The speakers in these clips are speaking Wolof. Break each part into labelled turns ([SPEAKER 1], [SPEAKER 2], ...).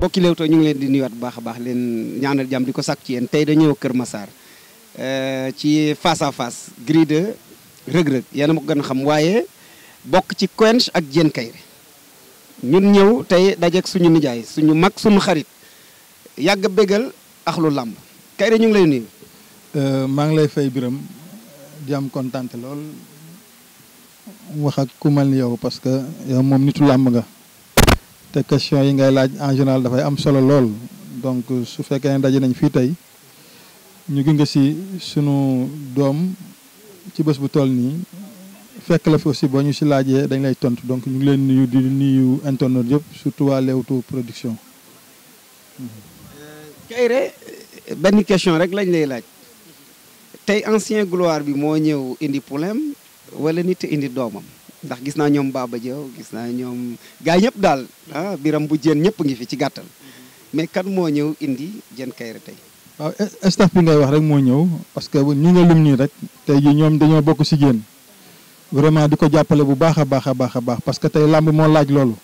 [SPEAKER 1] bokki Leewtoo ñu ngi leen di nuyuwaat bu baax a baax leen ñaanal jàmm di ko sàkk ci yéen tey dañoo Kër Massar euh, ci face à face Gris 2 Reug ma ko gën a xam waaye bokk ci Quench ak Diène Kaïré ñun ñëw tey dajeeg suñu nijaay suñu mag suñu xarit yàgg bégal axlu làmb Kaïré ñu ngi lay nuyu. Euh, maa ngi lay fay biram di am
[SPEAKER 2] kontaan lool wax ak ku mel ni yow parce que yow moom nitu làmb nga. te question yi ngay laaj en général dafay am solo lool donc su fekkee ne daje nañ fii tey ñu gi nga si sunu doom ci bés bu tool nii fekk la fi aussi boo ñu si laajee dañ lay tontu donc ñu ngi leen nuyu di nuyu internet yëpp surtout waa Leewtoo production.
[SPEAKER 1] Euh, Kayre benn question rek lañ lay laaj tey ancien gloire bi moo ñëw indi problème wala nit indi doomam. ndax gis naa ñoom Baba Diaw gis naa ñoom gaay ñëpp daal ah biram bu jën ñëpp ngi fi ci gàttal mais kan moo ñëw indi Diène Kaïré tey.
[SPEAKER 2] waaw staff bi ngay wax rek moo ñëw parce que ñu nga lum nii rek tey jii ñoom dañoo bokk si Diène vraiment di ko jàppale bu baax a baax a baax a baax parce que tey làmb moo laaj loolu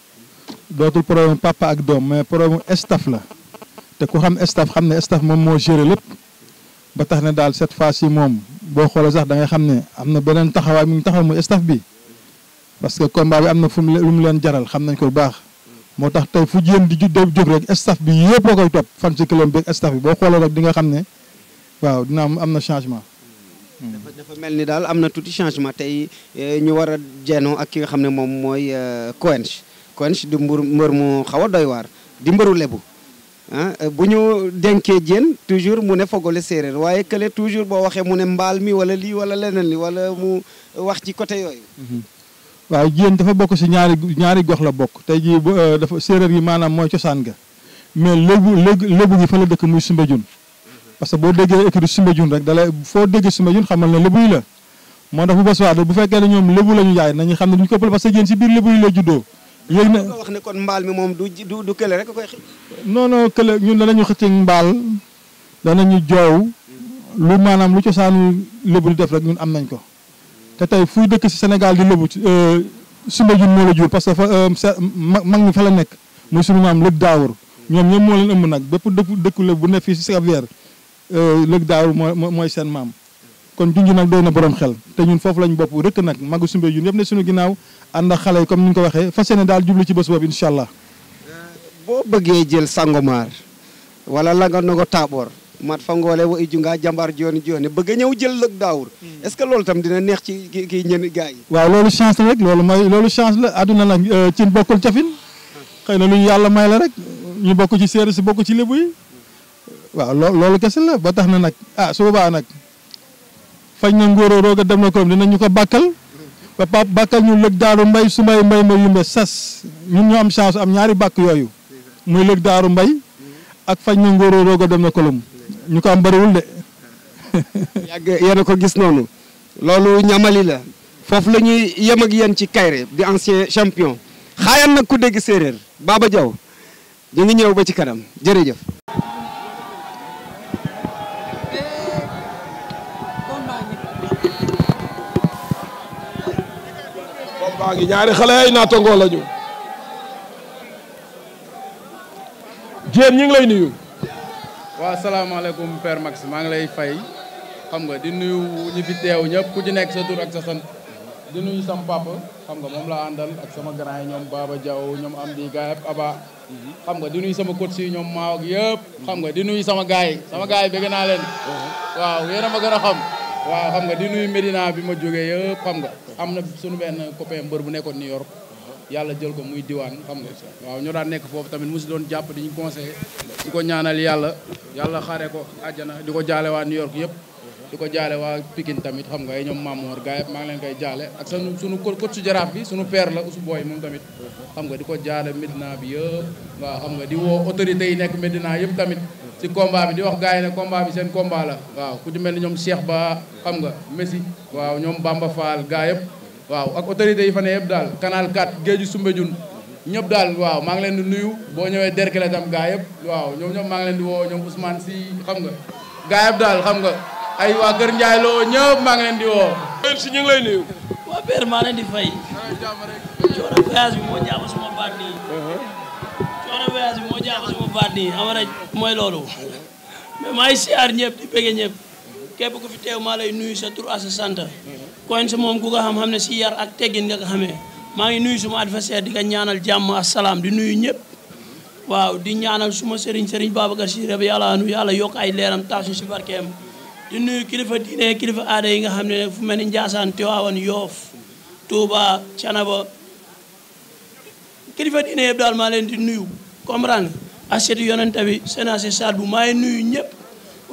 [SPEAKER 2] dootul problème papa ak doom mais problème staff la te ku xam staff xam ne staff moom moo géré lépp ba tax ne daal set fas ci moom boo xoolee sax da ngay xam ne am na beneen taxawaay mu ngi taxaw mu staff bi. parce que combat bi am na fu mu lu mu leen jaral xam nañ ko bu baax moo tax tey fu jéem di juddee jóg rek staff bi yëpp koy topp fan si club bi ak staff bi boo xoolee rek di nga xam ne waaw dina am am na changement.
[SPEAKER 1] Hmm. dafa mel ni daal am na tuuti changement tey eh, ñu war a jeenoo ak ki nga xam ne moom mooy eh, Quench Quench di mbër mbër mu xaw a doy waar di mbëru lebu ah, eh, bu ñu denkee jéen toujours mu ne fogole séeréer waaye kële toujours boo waxee mu ne mbaal mi wala lii wala leneen li wala mu wax ci côté yooyu.
[SPEAKER 2] Mm-hmm. waaw Diène dafa bokk si ñaari ñaari gox la bokk tey jii euh, dafa séeréer yi maanaam mooy cosaan ga mais lébu léegi lébu gi fa la dëkk muy Soumbédioune parce que boo déggee écurie Soumbédioune rek dalay foo déggee Soumbédioune xamal ne lébu yi la moo tax bu bés waa bu fekkee ne ñoom lébu la ñu yaay nañu xam ne duñu ko parce que Diène si biir lébu yi la juddoo yéeg na
[SPEAKER 1] wax ne kon mbaal mi moom du du du kële rek koy xëcc
[SPEAKER 2] non non kële ñun danañu xëcc mbaal danañu joow lu maanaam lu cosaanu lébu di def rek ñun am nañ ko te tey fuy dëkk si Sénégal di lëbu euh, Soumbédioune moo la jur parce que fa euh, mag ñi fa la nekk muy sunu maam Lëg Daawur ñoom ñoom moo leen ëmb nag bépp dëkku lëbu bu ne fii si Cap Vert euh, Lëg Daawur moo mooy seen maam kon junj nag doy na borom xel te ñun foofu lañ bopp rëkk nag magu Soumbédioune yëpp ne suñu ginnaaw ànd ak xale yi comme ni ñu ko waxee fas yéene daal jublu ci
[SPEAKER 1] bés boobu incha allah. boo bëggee jël Sangomar wala la nga nogo Taaboor mat fa ngoole wa i jungaa jàmbaar jooni jooni bëgg a ñëw jël lëg daawur hmm. est loolu tam dina neex ci kii ñen gaa yi
[SPEAKER 2] waaw loolu chance la rek loolu mooy loolu chance la àdduna nag euh, cin bokkul cafin xëy na lu ñu yàlla may la rek ñu bokk ci séeréer si bokk ci lébu yi waaw loolu loolu kese la ba tax na nag ah su boobaa nag fañ na ngóoroo roog a dem na korom dinañu ko bàkkal ba pap bàkkal ñu lëg daaru mbay su mbay mbay mu yumbe sas ñun ñoo am chance am ñaari bàkk yooyu muy lëg daaru mbay ak fañ na ngóoroo roog
[SPEAKER 1] ñu ko am bëriwul de. yàgg ko gis noonu. loolu ñamali la. foofu la ñuy yem ak ci Kayré di ancien champion. xaayaan nag ku dégg séeréer. Baba Diaw ñu ngi ñëw ba ci kanam jërëjëf.
[SPEAKER 3] combat gi ñaari xale ay naatangoo lañu. jéen ñu ngi lay nuyu.
[SPEAKER 4] waaw salaamaaleykum Père Max maa ngi lay fay xam nga di nuyu ñi fi teew ñëpp ku ci nekk sa tur ak sa sant di nuyu sam papa xam nga moom laa àndal ak sama grand ñoom Baba Diaw ñoom am di gaay Aba xam nga di nuy sama coach yi ñoom Maaw yëpp xam nga di nuyu sama gars yi sama gars yi bëgg naa leen waaw yéen ma gën a xam waaw xam nga di nuyu Medina bi ma jógee yëpp xam nga am na suñu benn copain mbër bu nekkoon New York yàlla jël ko muy diwaan xam nga waaw ñoo daan nekk foofu tamit mu si doon jàpp di ñu conseillé di ko ñaanal yàlla yàlla xare ko àjjana di ko jaale waa New York yëpp di ko jaale waa Pikine tamit xam nga ay ñoom Mamour gars yëpp maa ngi koy jaale ak sunu sunu coach jaraaf bi la Ousou Boy moom di ko jaale Medina bi yëpp waaw xam nga di woo autorités yi nekk Medina yëpp tamit ci combat bi di wax gars yi ne combat bi seen combat la waaw ku ci mel ni ñoom seex Ba xam nga Messi waaw ñoom Bamba Fall gars yëpp waaw ak autorités yi fa ne yëpp daal canal 4 géeju Soumbédioune ñépp daal waaw maa ngi leen di nuyu boo ñëwee derkele tam gaa yëpp waaw ñoom ñëpp maa ngi leen di woo ñoom Ousmane si xam nga gaa yëpp xam nga ay waa ñëpp maa ngi leen di woo.
[SPEAKER 5] si ñu maa leen di fay. coono voyage bi moo jaaxal suma baat nii. coono voyage bi moo jaaxal suma baat nii xam nga mooy loolu. mais maa ngi ñëpp di bëgg ñëpp. képp fi teew maa lay nuyu sa tur ak sa sant. kon sa moom ku ko xam ne si yar ak teggin nga ko maa ngi nuyu suma adversaire di ko ñaanal jàmm asalaam di nuyu ñëpp waaw di ñaanal suma sëriñ sëriñ Babacar Si Rabi yàlla nu yàlla yokk ay leeram taas si barkeem di nuyu kilifa diine kilifa aada yi nga xam ne fu mel ni Njaasaan Tiwaawan Yoof Touba Canaba kilifa diine yëpp daal maa leen di nuyu comprendre aset yonente bi sénacé sal bu maa ngi nuyu ñëpp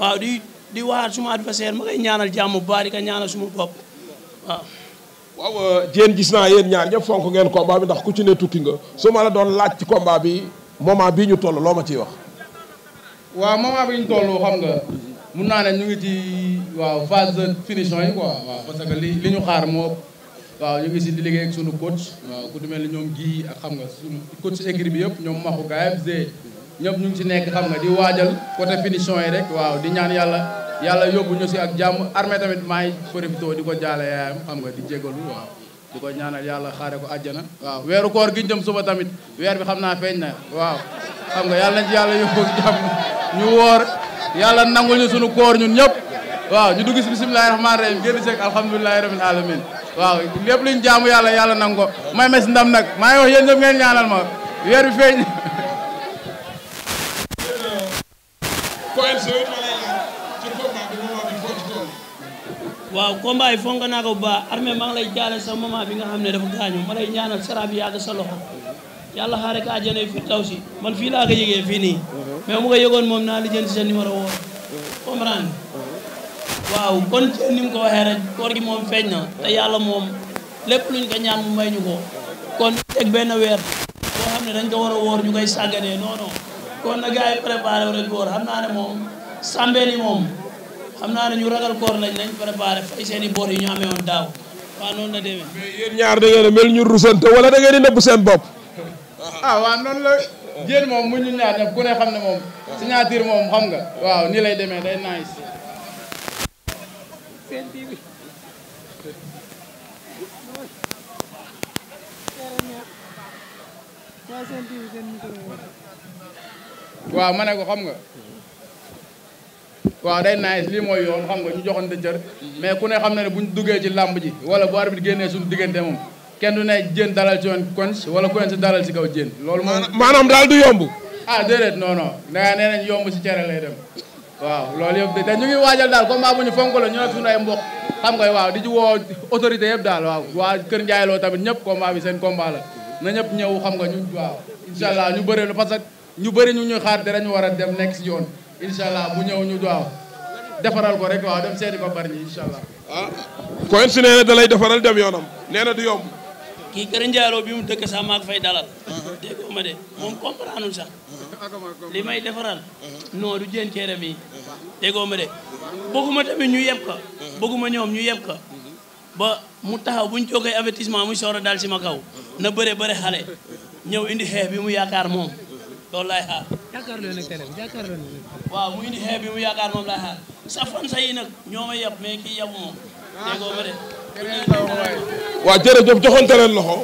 [SPEAKER 5] waaw di di waxaat suma adversaire ma koy ñaanal jàmm bu baax di ko ñaanal suma bopp
[SPEAKER 3] waaw jéen euh, gis naa yéen ñaar ñëpp fonk ngeen combat bi ndax ku ci ne tukki nga su ma la doon laaj ci combat bi moment bii ñu toll loo ma ciy wax.
[SPEAKER 4] waaw moment bi ñu toll xam nga mun naa ne ñu ngi ci waaw phase de finition yi waaw parce li ñu xaar moo waaw ñu ngi si di liggéey ak sunu coach. waaw ku demee ni ñoom gii ak xam nga sunu coach écrit bi yëpp ñoom Maxu Gaye ñëpp ñu ngi si nekk xam nga di waajal côté finition yi rek waaw di ñaan yàlla. yàlla yóbbu ñu si ak jàmm armée tamit maa ngi profité di ko jaale yaayam xam nga di jégalu waaw di ko ñaanal yàlla xaare ko àjjana waaw weeru koor gi ñu jëm suba tamit weer bi xam naa feeñ na waaw xam nga yàlla nañ ci yàlla yóbbu ak jàmm ñu woor yàlla nangul ñu koor ñun ñëpp waaw ñu dugg si bisimilahi rahmaani rahim génn seeg alhamdulilahi rabil alamin waaw lépp luñ jaamu yàlla yàlla nangu may mes ndam nag maa wax yéen ñëpp ngeen ñaanal ma
[SPEAKER 5] weer bi feeñ waaw combat yi fonk naa ko bu baax armée maa lay jaale sa maman bi nga xam ne dafa gaañu ma lay ñaanal sara bi yàgg sa loxo yàlla xaare ka àjjana fi taw si man fii laa ko yëgee fii nii mais mu ko yëgoon moom naa lijjanti sa numéro woo waaw kon ci ko waxee rek koor gi moom feeñ na te yàlla moom lépp luñ ko ñaan ñu ko kon teg benn weer boo xam ne dañ ko war a woor ñu koy sàgganee non non kon na gars yi préparé rek woor xam naa ne moom sàmbee ni moom am naa ne ñu ragal koor lañ lañ préparé fay seen i bor yi ñu amee woon daaw waaw la demee. mais yéen
[SPEAKER 3] ñaar da ngeen ñu rusante wala da ngeen di nëbb seen bopp.
[SPEAKER 4] ah waaw la moom xam ne moom. lay demee day nice. waaw ma ne ko xam nga. waaw day nice lii mooy yoon xam nga ñu joxante cër mais ku ne xam na ne bu ñu duggee ci làmb ji wala bu arbitre génnee suñu diggante moom kenn du ne jën dalal ci woon Quench wala Quench dalal ci kaw jën loolu moom maanaam daal du yomb ah déedéet non non dangaa nee nañ yomb si cere lay dem waaw loolu yëpp te ñu ngi waajal daal combat bu ñu fonk la ñu ne suñu ay mbokk xam nga waaw di ci woo autorité yëpp daal waaw waa Kër Ndiaye Lo tamit ñëpp combat bi seen combat la na ñëpp ñëw xam nga ñu waaw incha allah ñu bëri la parce que ñu bëri ñu ñuy xaar te dañu war a dem nekk si yoon incha allah bu ñëw ñu waaw defaral ko rek waaw dem seeti ko bari ñi incha allah.
[SPEAKER 3] ah si nee
[SPEAKER 5] na defaral dem yoonam nee du yomb. kii kër Ndiaro bi mu dëkk sax maa ko fay dalal. dégg ma de moom comprendre sax li may defaral. non du jën cere mi dégg ma de bëgguma tamit ñu yeb ko. bëgguma ñoom ñu yeb ko. ba mu taxaw bu ñu jógee avertissement muy soor dal si ma kaw. na bëre bëre xale ñëw indi xeex bi mu yaakaar moom. loolu laay xaar. jàkkaarloo nag télé bi waaw muy mu yaakaar moom laay xaar sa fan sa yi nag ñoo ma yab mais kii yab moom déggoo ma de.
[SPEAKER 4] waaw jërëjëf joxante leen loxo.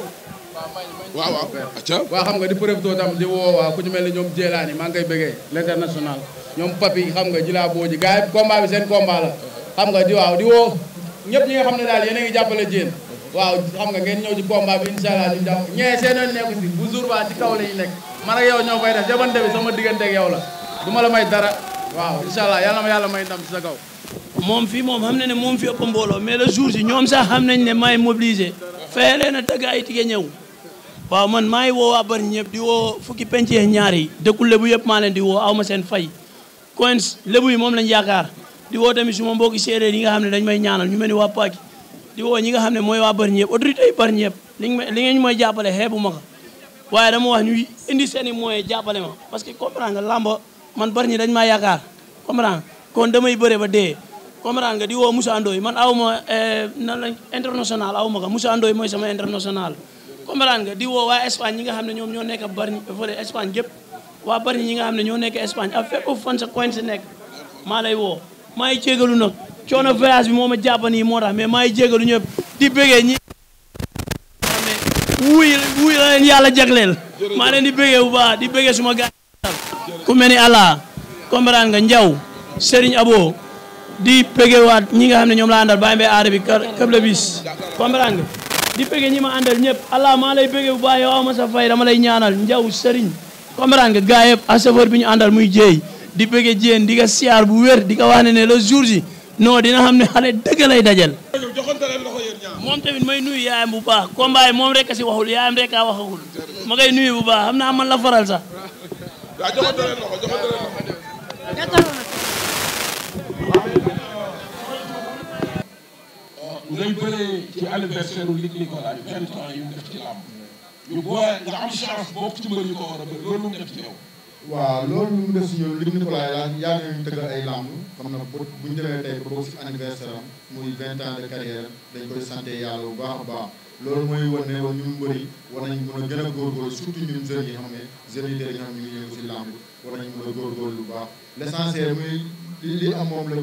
[SPEAKER 4] waaw waaw acca waaw xam nga di profité tam di woo waaw ku ñu mel ni ñoom Jéelaani maa ngi koy bëggee l'international ñoom Papi xam nga jilaa boo ji gars yi combat bi seen combat la xam nga di waaw di woo ñëpp ñi nga xam ne daal yéen i jàppale Diène waaw xam nga ngeen ñëw ci combat bi incha allah ñu ñee seen yoon nekku si bu jour ba ci kaw la nekk man ak yow ñoo koy def jabante bi sama diggante ak la du ma la may dara waaw incha allah yàlla ma
[SPEAKER 5] yàlla may ndam ci sa kaw. moom fii moom xam na ne moom fi ëpp mbooloo mais le jour ji ñoom sax xam nañ ne maay mobilisé fexe leen a tëgg ay tige ñëw waaw man maa ngi woo waa bari ñëpp di woo fukki pence yeeg ñaar yi dëkku lebu yëpp maa leen di woo aw ma seen fay coins lébu yi moom lañ yaakaar di woo tamit su ma mbokki séeréer yi nga xam ne dañ may ñaanal ñu mel ni waa Paki di woo ñi ne mooy waa bari ñëpp autorité yi bari ñëpp li ngeen ñu may jàppale xeebu ma ko waaye dama wax ñu indi seen i moyens jàppale ma parce que comprendre nga làmba man bari ñi dañ maa yaakaar comprendre kon damay bëre ba dee comprendre nga di woo Moussa Ndoye man aw ma eh, nan lañ international aw ma ko Moussa Ndoye international comprendre nga di woo waa Espagne ñi nga xam ne ñoom ñoo nekk bari fële Espagne gépp waa bari ñi nga xam ne ñoo nekk Espagne ak fépp fan sa coin nekk maa lay woo maa ngi jégalu nag coono voyage bi moo ma jàpp nii moo tax mais maa ngi jégalu ñëpp di bëggee ñi wuy wuy la leen yàlla jagleel maa leen di bëggee bu baax di bëggee suma gaay ku mel ni allah comprendre nga njaw Serigne Abo di bëggee waat ñi nga xam ne ñoom laa àndal bàyyi mbay aada bi këble bis nga di bëggee ñi ma àndal ñëpp allah maa lay bëggee bu baax yow aw ma fay dama lay ñaanal njaw Serigne comprendre nga gaay a asafar bi ñu àndal muy jéey di bëggee jéen di nga siyaar bu wér di nga wax ne ne le jour ji non dina xam ne xale dëgg lay dajal. moom tamit may nuyu yaayam bu baax combat yi moom rek si waxul yaayam rek a waxagul ma koy nuyu bu baax xam naa man la faral sax.
[SPEAKER 3] ngay bëree
[SPEAKER 2] ci waaw loolu mu def si ñun li ñu ko laaj laaj yaa ngi tëggal ay làmb xam na bu bu ñu demee tey ba si anniversaire am muy vingt ans de carrière dañ koy santé yàlla bu baax a baax loolu mooy wane ne woon ñu mbëri war nañ mën a gën a góorgóorlu surtout ñun jeunes yi xam ne jeunes yi tey nga xam ñu ngi yëngu si làmb war nañ mën a góorgóorlu bu baax l' essentiel muy li am moom la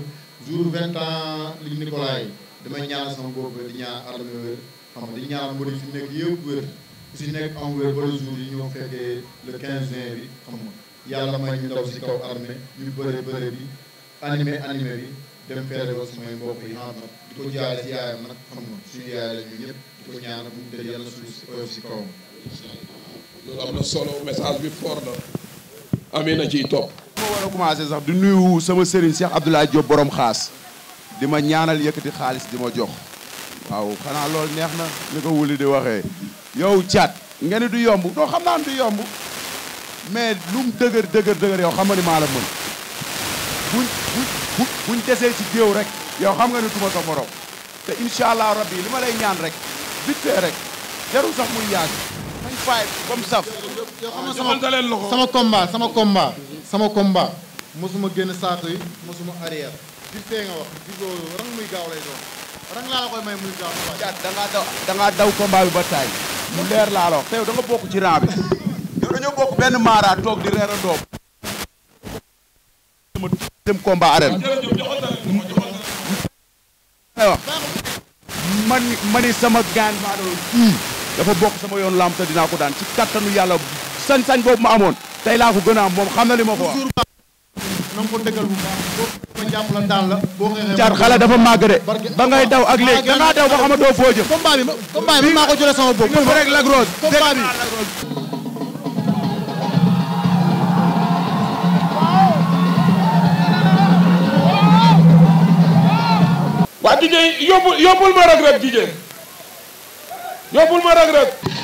[SPEAKER 2] jour vingt ans li Nicolas yi damay ñaanal sama bopp di ñaan àddama ku si nekk am weer wala jour yi ñoo fekkee le 15 juin bi xam nga yàlla may ñu daw si kaw armée ñu bëre bëre bi animé animé bi dem feere ba samay mbokk yi xam nag di ko jaale yaayam nag xam nga suñu yaay la ñu di ko ñaanal bu ñu tëj yàlla suuf si oyof si kawam. loolu am na
[SPEAKER 6] solo message bi fort na. amee na ciy topp. moo war a commencé sax di nuyu sama sëriñ Cheikh Abdoulaye Diop boroom xaas di ma ñaanal yëkkati xaalis di ma jox. waaw xanaa loolu neex na li ko wuli di waxee yow caat nga ni du yomb doo xam naa du yomb mais lu mu dëgër dëgër dëgër yow xam nga ni maa la mën buñ buñ buñ desee ci géew rek yow xam nga ni duma sa morom te incha allah rabbi li ma lay ñaan rek vite fait rek jarul sax muy yàgg nañ faay comme saf
[SPEAKER 2] sama combat sama combat sama combat mësuma génn saako
[SPEAKER 6] yi mosuma arrière vite fait nga wax di ko rang muy gaaw lay doon rang laa la koy may muy daw da bi ba taay mu leer laa la wax bokk ci rang bi yow dañoo bokk benn maara toog di reer a doom ma man mani sama gaan maa doon kii dafa bokk sama yoon lamb te dinaa ko daan ci kattanu yàlla sañ-sañ boobu ma amoon tey laa ko gën a am moom xam na li ma ko wax
[SPEAKER 2] caat xale dafa màgg de ba
[SPEAKER 6] ngay daw ak léegi da daw ba xamatoo foo jëm combat bi combat ko jëlee sama bopp pour rek Lac Rose combat bi
[SPEAKER 3] waa DJ yóbbul yóbbul ma Reug Reug DJ yóbbul ma Reug Reug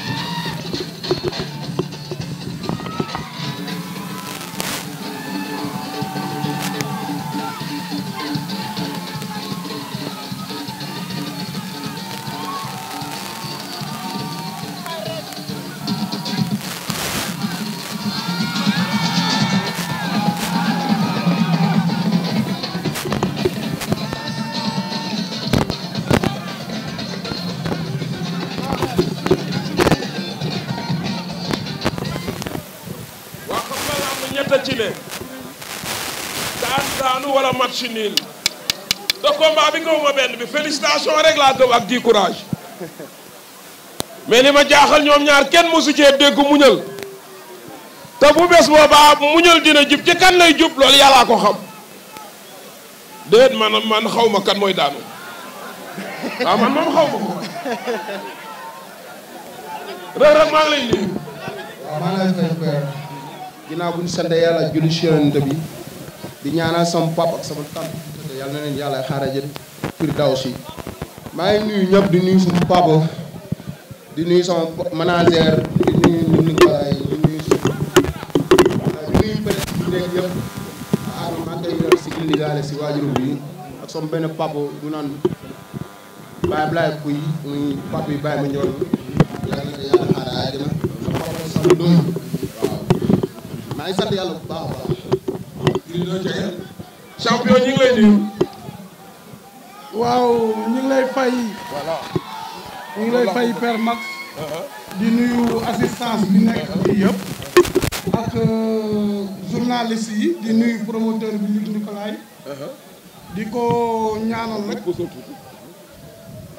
[SPEAKER 3] annulé daan daanu wala match nul de combat bi gëw ma benn bi félicitation rek laa gëm ak di courage mais li ma jaaxal ñoom ñaar kenn mosu cee dégg muñal te bu bés boobaa muñal dina jub ci kan lay jub loolu yàllaa ko xam déet man man xaw kan mooy daanu waaw ah, man moom xaw ko rek maa ngi lay nuyu.
[SPEAKER 6] ginnaaw bu ñu sant yàlla ak julli si yonent bi di ñaanal sama pap ak sama tànt te yàlla na leen yàlla xaarajën fir daw si maa ngi nuyu ñëpp di nuyu sama papa di nuyu sama manager di nuyu ñu ni kalaay di nuyu si di nuyu benn ah, si nekk bi ak sama benn papa ñu naan Baye Blaye Pouy muy papa yi Baye ma yàlla na yàlla xaarajën sama papa sama doom maa ngi yàlla bu baax baax. champion ñu lay nuyu. waaw ñu lay fay. voilà. ñu ngi lay fay Père Max. Uh-huh. di nuyu assistance bi nekk fii yëpp. ak euh, journaliste yi di nuyu promoteur bi Luc Nicolaï. Uh-huh. di ko ñaanal rek.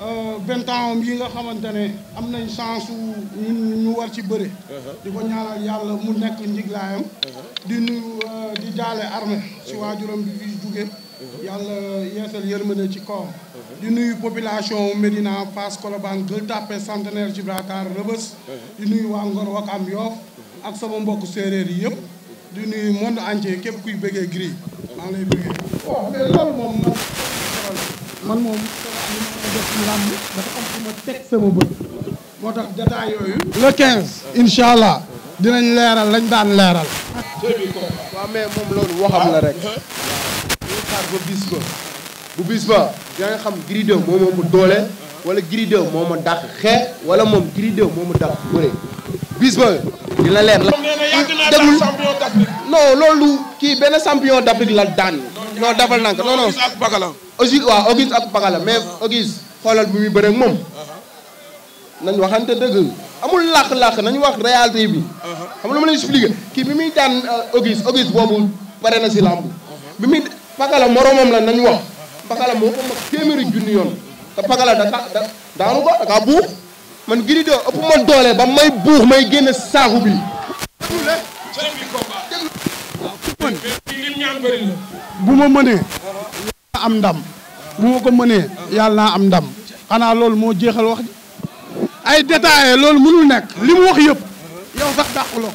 [SPEAKER 6] Euh, vingt ans am yi nga xamante ne am nañ chance ñun ñu war ci bëre uh-huh. di ko ñaanal yàlla mu nekk njiglaayam uh-huh. di nuyu euh, di jaale armée si uh-huh. waajuram bi fi jóge yàlla yeesal yërmande ci kawam di nuyu population Médina Fass Colobane Gueule Tapée Centenaire Gibraltar Rebeuss di nuyu waa Ngor Wakam Yoff ak sama mbokk séeréer yi yëpp di nuyu monde entier képp kuy bëggee Gris maa moom man moom teg sama bët moo tax jataay yooyu le 15 incha allah dinañ leeral lañ daan leeral waaw mais moom loolu waxam la rek ñu xaar ba bis ba bu bis ba xam Gris 2 moo doole wala Gris moom moo ma xeex wala moom Gris 2 moo ma dàq bëre bis ba dina leer la demul non loolu kii benn champion d'Afrique la daan non defal nank non aussi waaw Auguste ak Pakala mais Auguste xoolal bi muy bëre ak moom nañ waxante dëgg amul làq-làq nañu wax réalité bi xam la lu ma leen expliqué kii bi muy daan Auguste euh, Auguste boobu pare na si làmb bi muy Pakala moroomam la nañu wax Pakala moo ko mag téeméeri junni yoon te Pakala da ka da daanu ko da buux man Gris 2 ëpp ma doole ba may buux may génne saaku bi bu ma mënee am ndam bu ma ko mënee yàlla naa am ndam xanaa loolu moo jeexal wax ji loolu mënul nekk li mu wax yëpp yow sax dàqu la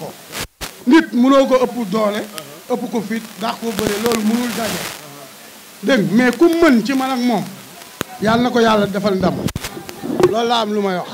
[SPEAKER 6] mënoo ko ëpp doole ëpp ko fit dàq ko bëri loolu daje dégg mais ku mën ci man ak moom yàlla na ko yàlla defal ndam loolu laa am lu may wax